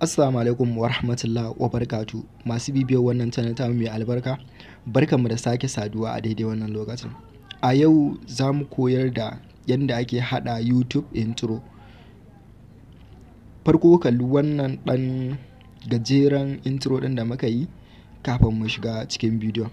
Assalamu alaikum wa rahmatullah wa barkatu masu bibiyar wannan channel ta mai albarka barkanmu da sake saduwa a daidai wannan lokacin a yau za mu koyar da yadda ake hada youtube intro farko kalli wannan dan gajeren intro din da muka yi kafin mu shiga cikin bidiyon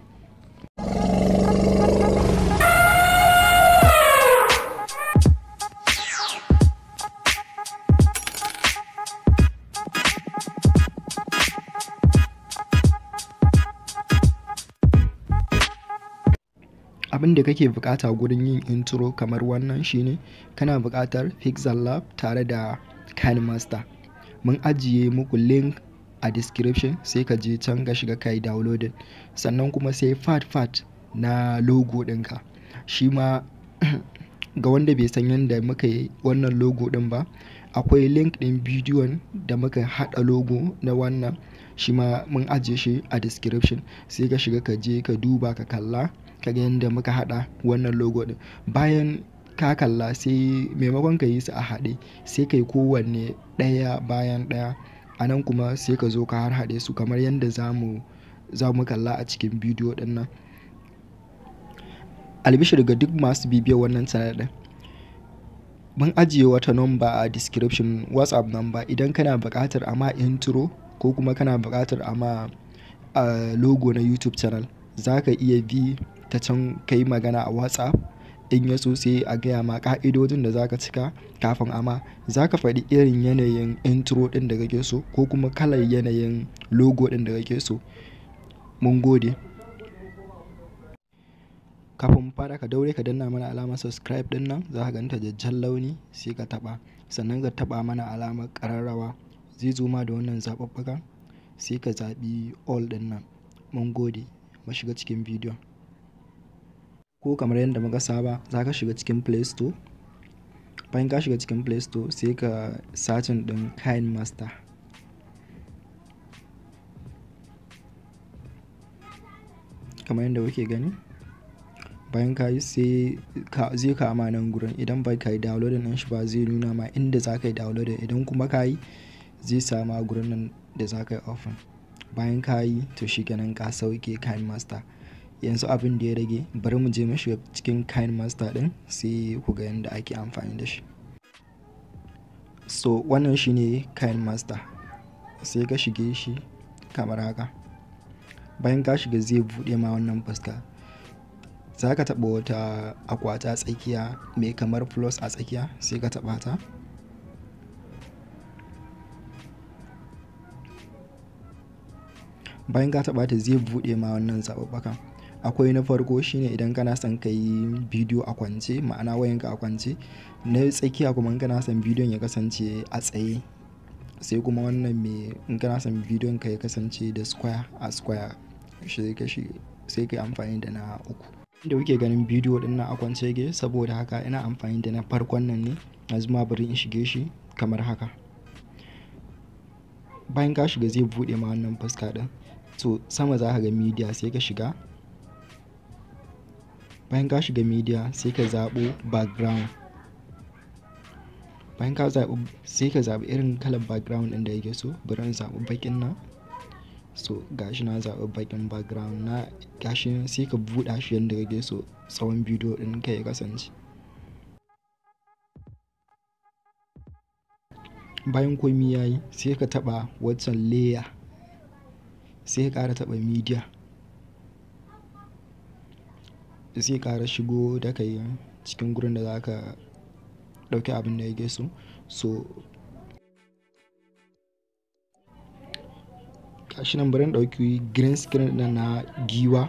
abin da kake bukata gurin yin intro kamar wannan shine kana bukatar pixel lab tare da master mun ajiye muku link a description sai ka je can ka shiga kai downloading sannan kuma sai fat fat na logo ɗinka shi ma ga wanda bai san yadda muka yi wannan logo din ba akwai link ɗin bidiyon da muka haɗa logo na wannan shi ma mun ajiye shi a description sai ka shiga ka je ka duba ka kalla ka ga yadda muka haɗa wannan logo din bayan ka kalla sai maimakon ka yi su a haɗe sai ka yi kowanne ɗaya bayan ɗaya a nan kuma sai ka zo ka har haɗe su kamar yadda za mu kalla a cikin bidiyo ɗin nan albishir ga duk masu bibiya wannan sanar ɗin mun ajiye wata nomba a description whatsapp number idan kana buƙatar ma intro ko kuma kana buƙatar a ma logo na youtube channel za ka iya bi ta can ka yi magana a whatsapp in ya so sai a gaya ma ka'idodin da zaka cika kafin ama ka faɗi irin yanayin intro ɗin da kake so ko kuma kalar yanayin logo ɗin da kake so mun gode kafin fara ka daure ka danna mana alamar subscribe ɗin nan za ka ganta jajjan launi sai ka taɓa sannan ka taɓa mana alamar ƙararrawa zai zo ma da wannan zaɓuɓɓukan sai ka zaɓi all ɗin nan mun gode mu shiga cikin bidiyon ko kamar yadda muka saba za ka shiga cikin play store bayan ka shiga cikin play store sai ka sacin ɗin kayan master kamar yadda kuke gani bayan ka yi sai zai kama nan gurin idan bai ka yi downloading din shi ba zai nuna ma inda za ka yi downloading idan kuma ka yi zai sama gurin nan da za ka yi open bayan ka yi to shi kenan ka sauke kind master yanzu abin da ya rage bari mu je mu shiga cikin kind master din sai ku ga yadda ake amfani da shi so wannan shine kind master sai ka shige shi kamar haka bayan ka shiga zai buɗe ma wannan fuska za ka taɓa wata akwata tsakiya mai kamar plus a tsakiya sai ka taɓa ta bayan ka taɓa ta zai buɗe ma wannan zaɓaɓɓakan akwai na farko shine idan kana son ka yi bidiyo a kwance ma'ana wayan ka a kwance na tsakiya kuma kana son bidiyon ya kasance a tsaye sai kuma wannan mai in kana son bidiyon ka ya kasance da square a square sai ka yi amfani da na uku inda kuke ganin bidiyo din na a kwance ge saboda haka ina amfani da na farkon nan ne yanzu ma bari in shige shi kamar haka bayan ka shiga zai buɗe ma wannan fuska din to sama za ka ga media sai ka shiga bayan ka shiga media sai ka zaɓo background bayan ka zaɓi sai ka zaɓi irin kalar background ɗin da yake so bari in zaɓi baƙin nan so gashi na zaɓi baƙin background na gashi sai ka buɗa shi yadda kake so tsawon bidiyo ɗin ka ya kasance bayan komi yayi sai ka taɓa wancan layer sai ka ƙara taɓa media zai kara shigo da kai cikin gurin da za ka dauki abin da yake so so gashi nan bari ɗauki green screen da na giwa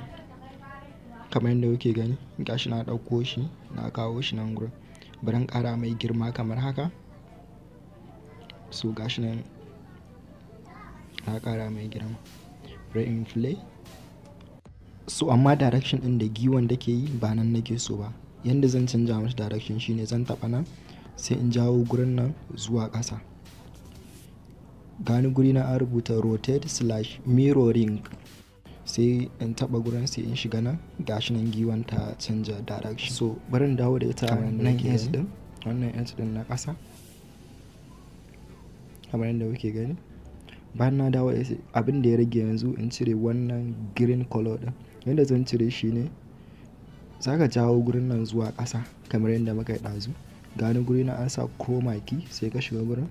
kamar yadda kuke gani gashi na dauko shi na kawo shi nan gurin bari kara mai girma kamar haka so gashi nan na kara mai girma bari in play So amma direction ɗin da giwan da ke yi ba nan nake so ba. yadda zan canja mata direction shine zan taɓa nan sai in jawo gurin nan zuwa ƙasa. Gani guri na an rubuta rotate slash mirroring sai in taɓa gurin sai in shiga nan gashi nan giwan ta canja direction. So barin dawo da ita nan edge ɗin wannan yanci ɗin na ƙasa kamar yadda kuke gani. Bayan na dawo abin da ya rage yanzu in cire wannan green color ɗin. yadda zan cire shi ne za ka jawo gurin nan zuwa ƙasa kamar yadda muka yi ɗazu ga wani guri na an sa chroma sai ka shiga gurin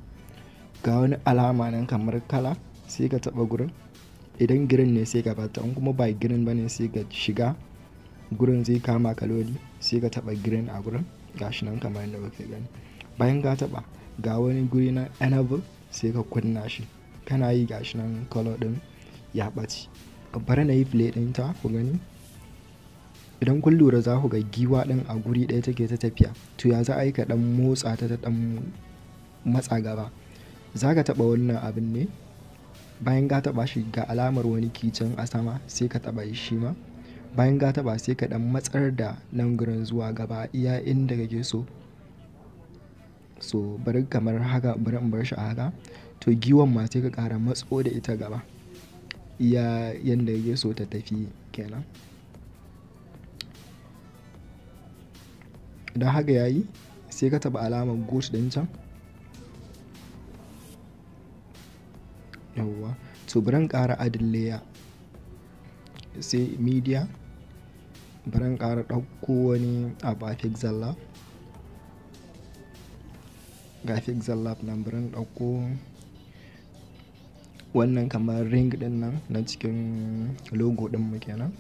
ga wani alama nan kamar kala sai ka taɓa gurin idan girin ne sai ka bata in kuma ba girin bane sai ka shiga gurin zai kama kaloli sai ka taɓa girin a gurin gashi nan kamar yadda kuke gani bayan ka taɓa ga wani guri na enable sai ka kunna shi kana yi gashi nan color din ya ɓaci bari na yi play ɗinta ku gani idan kun lura za ku ga giwa ɗin a guri ɗaya take ta tafiya to ya za a yi ka ɗan motsa ta ta ɗan matsa gaba za ka taɓa wannan abin ne bayan ga taɓa shi ga alamar wani kicin a sama sai ka taɓa shi ma bayan ka taɓa sai ka ɗan matsar da nan gurin zuwa gaba iya inda kake so so bari kamar haka bari in bar shi a haka to giwan ma sai ka ƙara matso da ita gaba iya yadda ya so ta tafi kenan don haka ya yi sai ka taba alamar gosh din can yawwa to bari ƙara adin layer sai media bari ƙara ɗauko wani a pixel lab ga pixel lab nan bari ɗauko wannan kamar ring din nan na cikin logo din mu kenan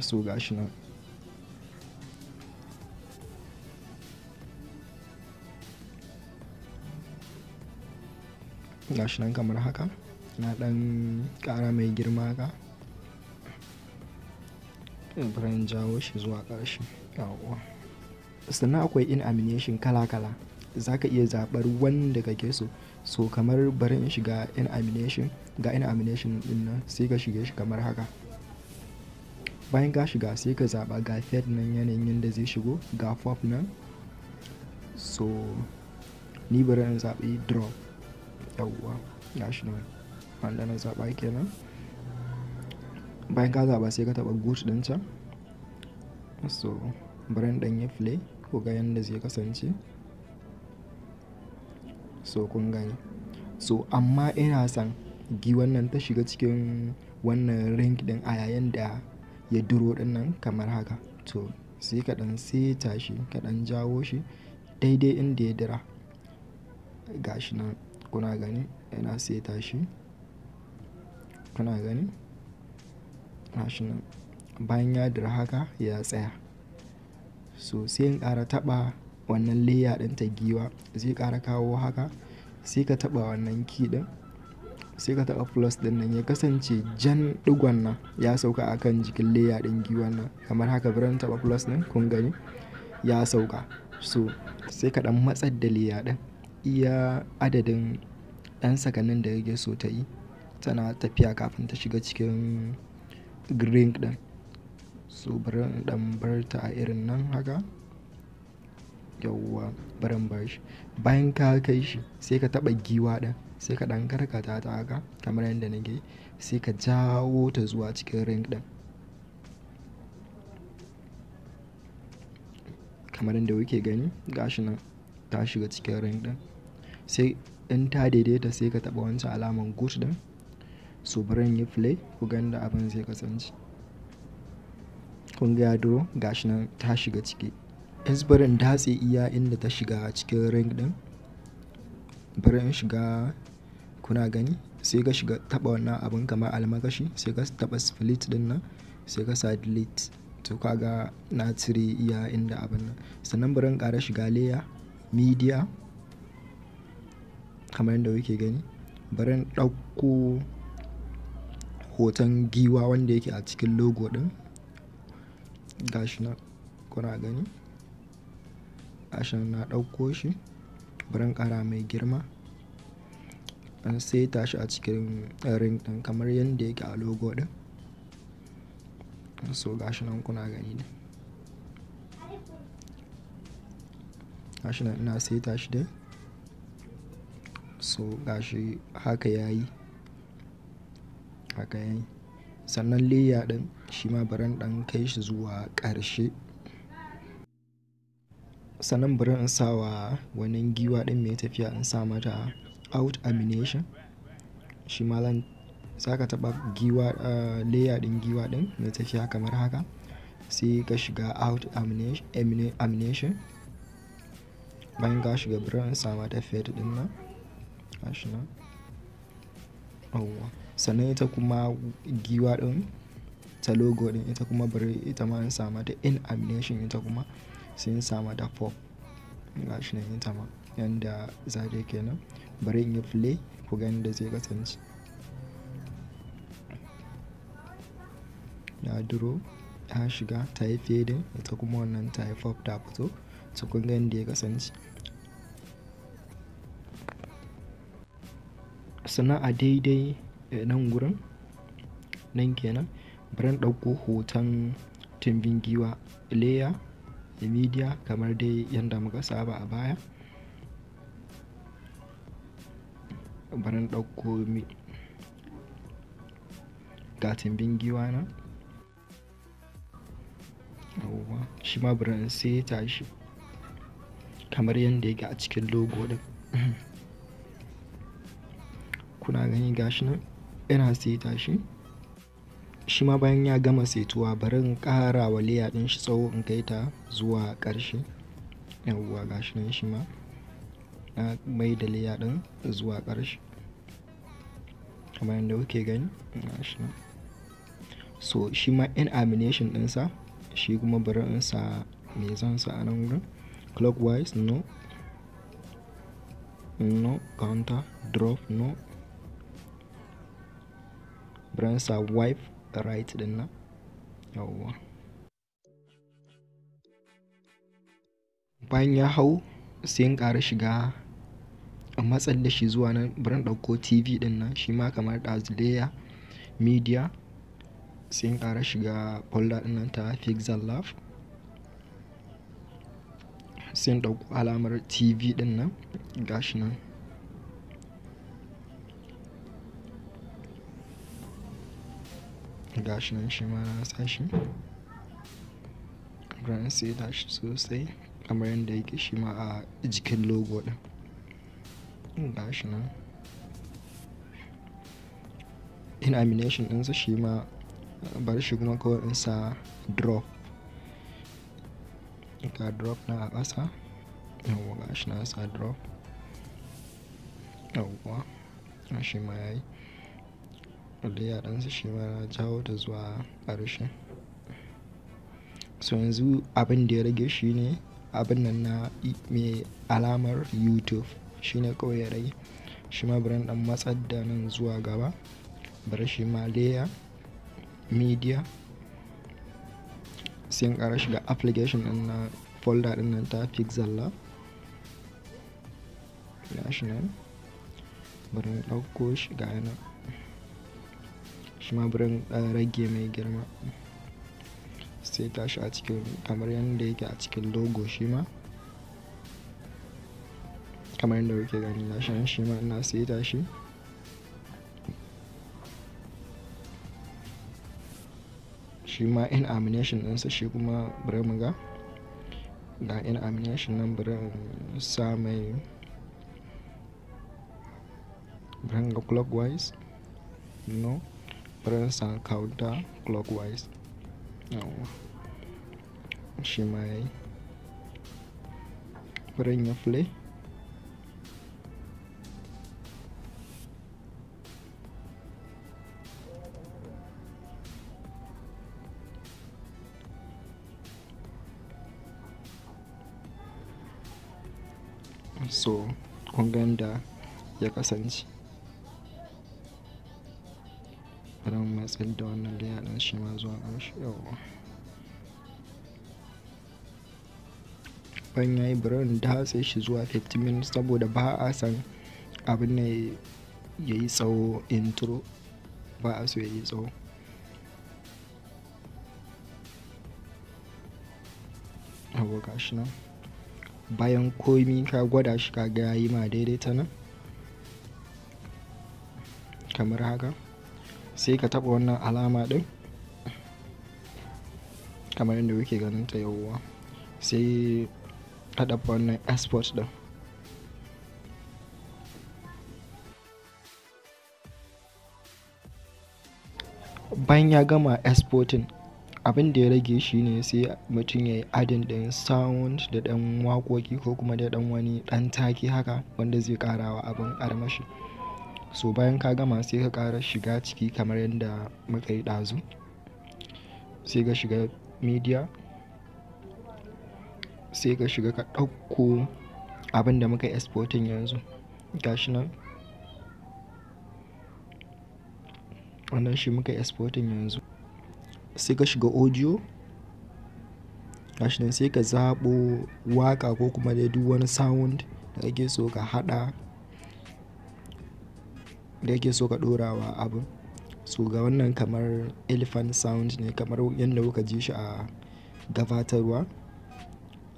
so gashi nan gashi nan kamar haka na dan kara mai girma ka. bayan jawo shi zuwa karshe yawwa sannan akwai in amination kala-kala za ka iya zaɓar wanda kake so so kamar bari in shiga in amination ga in amination din nan sai ka shige shi kamar haka bayan ka shiga sai ka zaɓa ga fed nan yanayin yadda zai shigo ga pop nan so ni bari in zaɓi draw yawwa ya shi nan wanda na zaɓa kenan bayan ka zaɓa sai ka taɓa goot ɗin can so bari in ɗanyi play ko ga yadda zai kasance So kun gani. So amma ina son gi wannan ta shiga cikin wannan ring din a yayin da ya duro nan kamar haka. To sai kaɗan seta shi kaɗan jawo shi daidai inda ya dira. Ga shi nan kuna gani ina seta shi. Kuna gani? Ga shi nan. Bayan ya dira haka ya tsaya. So sai in ƙara taɓa wannan leya ɗin ta giwa zai kara kawo haka sai ka taɓa wannan key ɗin sai ka taɓa plus ɗin nan ya kasance jan ɗigon nan ya sauka akan jikin leya ɗin giwan nan kamar haka biran taba plus ɗin kun gani ya sauka so sai ka ɗan matsar da layer ɗin iya adadin ɗan sakannin da yake so ta yi tana tafiya kafin ta shiga cikin green din so bari dan bar ta a irin nan haka yawwa barin bashi bayan ka kai shi sai ka taɓa giwa ɗin sai ka ɗan karkata ta haka kamar yadda nake sai ka jawo ta zuwa cikin ring ɗin kamar yadda kuke gani gashi nan ta shiga cikin ring ɗin sai in ta daidaita sai ka taɓa wancan alaman good ɗin so bari yi play ku ganda abin zai kasance kun ga ya duro gashi nan ta shiga ciki yanzu barin datse iya inda ta shiga cikin ring din bari in shiga kuna gani sai ka shiga taba wannan abin kamar almakashi sai ka taba split din nan sai ka sa to kaga na cire iya inda abin nan sannan bari in kara shiga layer media kamar yadda kuke gani bari in ɗauko hoton giwa wanda yake a cikin logo din gashi nan kuna gani ashen na ɗauko shi barin ƙara mai girma an saita shi a cikin eh, ring ɗin kamar yadda yake a logo ɗin so gashi nan kuna gani ne gashi nan ina saita shi dai so gashi haka ya yi haka ya yi sannan leya ɗin shi ma baran ɗan kai shi zuwa ƙarshe sannan bari in sa wa wannan giwa ɗin mai tafiya in sa mata out amination shi ma zan za ka taɓa giwa eh, layer din giwa ɗin mai tafiya kamar haka sai ka shiga out amination bayan ka shiga bari in sa mata fed din nan gashi nan sannan ita kuma giwa ɗin ta logo din ita kuma bari ita ma in sa mata in amination ita kuma sun samu da pop ga shi ne ita ma yanda zaje kenan bari in yi play ku gani da zai kasance ya duro ya shiga ta yi fading ita kuma wannan ta yi pop ta fito su kun gani da ya kasance sannan a daidai eh, nan gurin nan kenan bari ɗauko hoton tumbin giwa layer da media kamar dai yadda muka saba a baya bari ɗauko gatin bingiwa na yawwa shi ma bari sai ta shi kamar yadda yake a cikin logo din kuna gani gashi nan yana sai ta shi shi ma bayan ya gama setuwa bari in ƙara wa liya ɗin shi tsawo in kai ta zuwa ƙarshe yawwa shi nan shi ma na mai da liya ɗin zuwa ƙarshe kamar yadda kuke gani shi nan so shi ma in amination ɗinsa shi kuma bari in sa me zan sa a nan wurin clockwise no no counter drop no bari in sa wipe right din nan yawwa bayan ya hau sai in ƙara shiga a matsar da shi zuwa nan biran ɗauko tv din nan shi ma kamar ɗazileya media sai in ƙara shiga folder din nan ta fixal lab sai in ɗauko alamar tv din nan gashi nan gashi nan shi ma na sashi ran sai da sosai kamar yadda yake shi ma a jikin logo din gashi nan in amination ɗinsa shi ma bar shi kuma kawai ɗinsa drop ga drop na a ƙasa yawwa gashi na sa drop yawwa shi ma ya yi ya ɗansa shi ma na jawo ta zuwa ƙarshe. So yanzu abin da ya rage shi ne abin nan na mai alamar YouTube shi ne kawai ya rage. Shi ma bari ɗan matsar da nan zuwa gaba. bar shi ma layer, media, sai in ƙara shiga application ɗin na folder ɗin nan ta Pixel national nan, bari in ɗauko shi ma burin eh, rage mai girma sai tashi a cikin kamar yadda yake a cikin logo shi ma kamar yadda kuke gani na shan shi ma ina saita shi shi ma in amination ɗinsa shi kuma bari ga ga in amination nan birin sa mai birin ga clockwise no press and counter clockwise now she may bring a ya play so kun ya kasance tsayar da wannan shi ma zuwa karshe yawa ban ya yi birin da hatsai shi zuwa 15 minutes saboda ba a san abin ne ya yi tsawo intro ba a so ya yi tsawo abu gashi nan bayan komi ka gwada shi ka ga yi ma daidai ta nan kamar haka sai ka taba wannan alama din kamar inda kuke ganin ta yawwa sai ka taba wannan export din bayan ya gama exporting abin da ya rage shi ne sai mutum ya yi adin ɗin sound da ɗan wakoki ko kuma da dan wani ɗan taki haka wanda zai ƙarawa abin armashi so bayan ka gama sai ka kara shiga ciki kamar yadda muka yi ɗazu sai ka shiga media sai ka shiga ka ɗauko abin da muka exporting yanzu gashi nan wannan shi muka exporting yanzu sai ka shiga audio gashi nan sai ka zaɓo waka ko kuma dai duk wani sound da kake so ka haɗa da yake so ka dora wa abu su ga wannan kamar elephant sound ne kamar yadda kuka ji shi a gabatarwa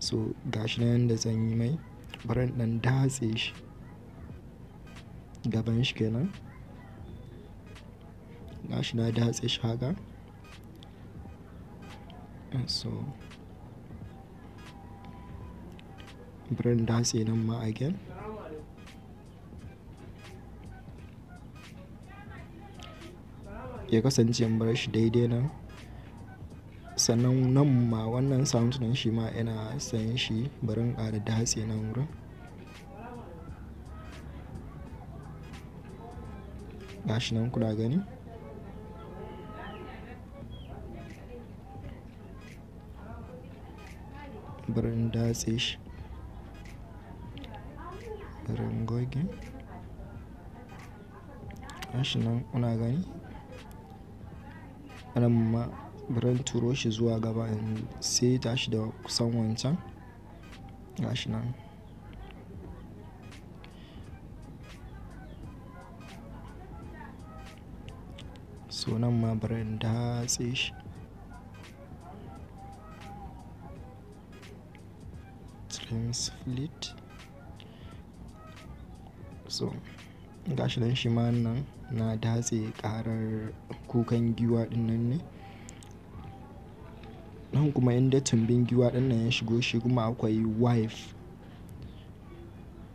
so ga shi na yadda zan yi mai barin dan datse shi gaban shi kenan ga shi na datse shi haka so bari datse nan ma again ya kasance bar shi daidai nan sannan nan ma wannan sound nan shi ma yana sayan shi barin ƙara da hatsi nan wurin gashi nan kuna gani barin datse shi barin goge gashi nan kuna gani anan ma bari turo shi zuwa gaba sai seta shi da kusan wancan gashi nan so nan ma bari in datse shi trim split so gashi nan shi ma nan na datse karar kukan giwa ɗinnan ne nan kuma inda tumbin giwa ɗinnan ya shigo shi kuma akwai wife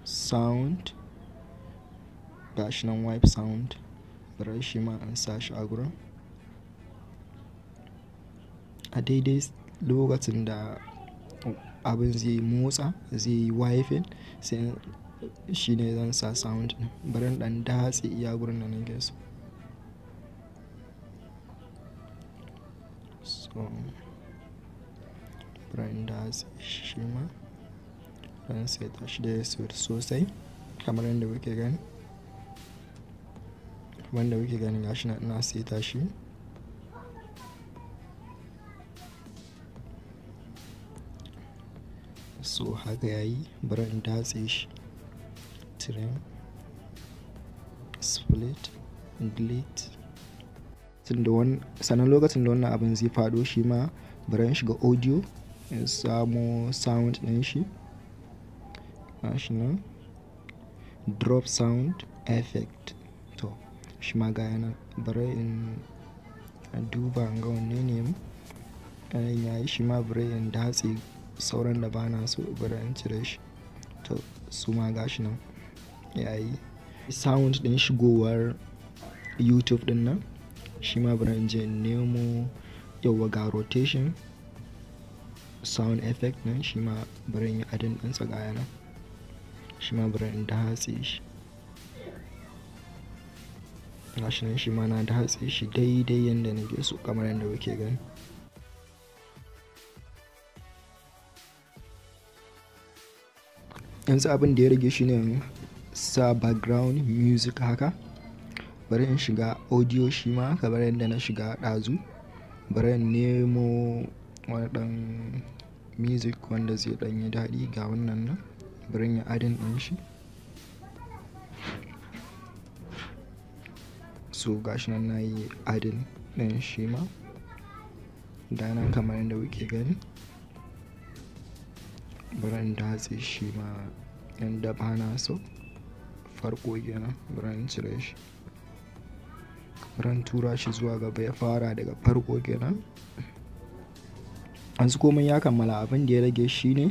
sound gashi nan wife sound bari shi ma an sa shi a gurin a daidai lokacin da abin zai motsa zai yi wifin sai shi ne zan sa sound ɗin bari dan datse iya gurin da nake so so bari datse shi ma ɗan ta shi da su sosai kamar yadda kuke gani wanda kuke gani gashi na ina ta shi so haka yayi bari in datse shi shiryen split glit sannan lokacin da wannan abin zai faɗo shi ma bari shiga audio in samo sound ɗin shi shi nan drop sound effect to shi ma ga yana bari in duba ga wanne ne ya yi shi ma bari in datse sauran da ba na so bari in cire shi to su ma gashi nan yayi sound din shigowar youtube din nan shi ma bari in je nemo yawa ga rotation sound effect nan shi ma bari in yi adin din tsagaya yana shi ma bari in dahatse shi gashi nan shi ma na dahatse shi daidai yadda nake so kamar yadda kuke gani yanzu abin da ya rage shi ne sa background music haka bari in shiga audio shi ma kamar yadda na shiga ɗazu bari in nemo wani ɗan music wanda zai ɗan yi daɗi ga wannan nan bari in yi adin ɗin shi so gashi nan na yi adin ɗin shi ma dana kamar yadda kuke gani bari in datse shi ma yadda ba na so farko kenan cire shi ran tura shi zuwa gaba ya fara daga farko kenan yanzu komai ya kammala abin da ya rage shi ne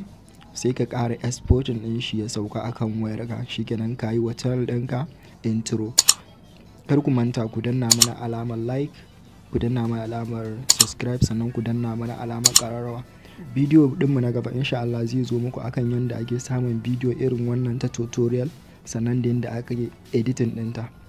sai ka kara exporting din shi ya sauka akan wayarka shikenan ka yi wata ɗinka intro kar ku manta ku danna mana alamar like ku danna mana alamar subscribe sannan ku danna mana alamar ƙararrawa bidiyo dinmu na gaba insha Allah zai zo muku akan yadda ake samun bidiyo irin wannan ta tutorial sannan da yadda aka yi editing ɗinta